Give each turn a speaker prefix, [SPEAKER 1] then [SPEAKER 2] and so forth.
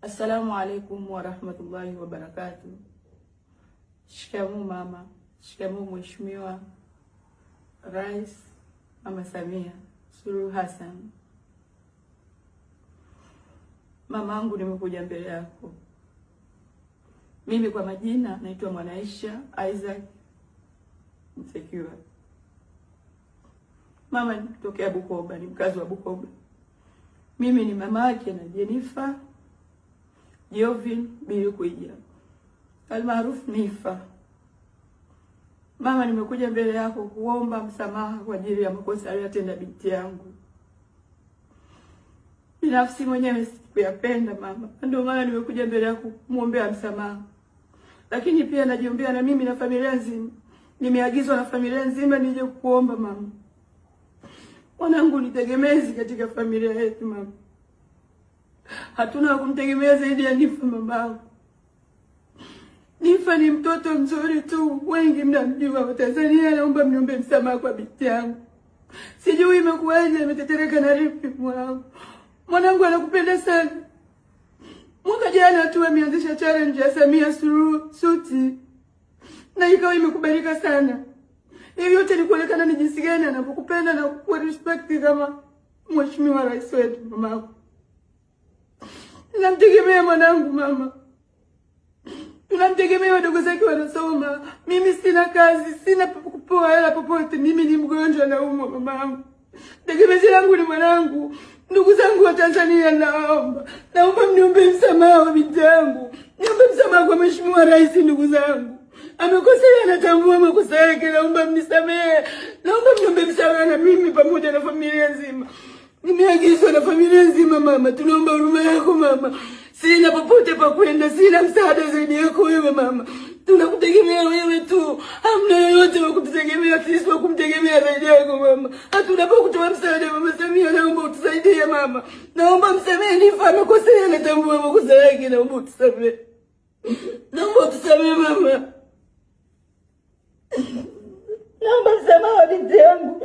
[SPEAKER 1] Assalamu alaikum warahmatullahi wabarakatu Shikamoo mama, shikamoo mheshimiwa Rais Mama Samia Suluhu Hassan. Mamangu, nimekuja mbele yako. Mimi kwa majina naitwa Mwanaisha Isaac Msekiwa. Mama, nikitokea Bukoba, ni mkazi wa Bukoba. Mimi ni mama yake na Jenifa Jovin Bilikuija almaarufu Nifa, mama, nimekuja mbele yako kuomba msamaha kwa ajili ya makosa aliyotenda binti yangu. Binafsi mwenyewe sikuyapenda mama, ndio maana nimekuja mbele yako kumwombea msamaha, lakini pia najiombea na mimi na familia nzima. Nimeagizwa na familia nzima nije kuomba mama, mwanangu nitegemezi katika familia yetu mama hatuna kumtegemea zaidi ya Nifa. Mamangu Nifa ni mtoto mzuri tu, wengi mnamjua. Watanzania, naomba mniombe msamaha kwa binti yangu, sijui imekuwaje, imetetereka na rifi mwangu. Mwanangu anakupenda sana. Mwaka jana tu ameanzisha challenge ya Samia Suluhu suti na ikawa imekubalika sana. Hiyo yote ni kuonekana ni jinsi gani anapokupenda na kukuwa respect kama mheshimiwa rais wetu, mamangu. Tunamtegemea mwanangu mama, tunamtegemea wadogo zake wanasoma. Mimi sina kazi, sina kupoa hela popote. Mimi ni mgonjwa, naumwa mamangu. Tegemezi langu ni mwanangu. Ndugu zangu wa Tanzania, naomba naomba mniombe msamaha wa binti yangu, niombe msamaha kwa Mheshimiwa Rais. Ndugu zangu, amekosea, anatambua makosa yake. Naomba mnisamehe, naomba mniombe msamaha na mimi pamoja na familia nzima. Nimeagizwa na familia nzima mama, tunaomba huruma yako mama. Sina popote pa kwenda, sina msaada zaidi yako wewe mama. Tunakutegemea wewe tu, hamna yoyote wa kutegemea sisi, wa kumtegemea zaidi yako mama. Hatuna pa kutoa msaada mama Samia, naomba utusaidie mama, naomba msamehe Nifa, amekosea natambua makosa yake, naomba utusamehe, naomba utusamehe mama, naomba msamaha wa binti yangu.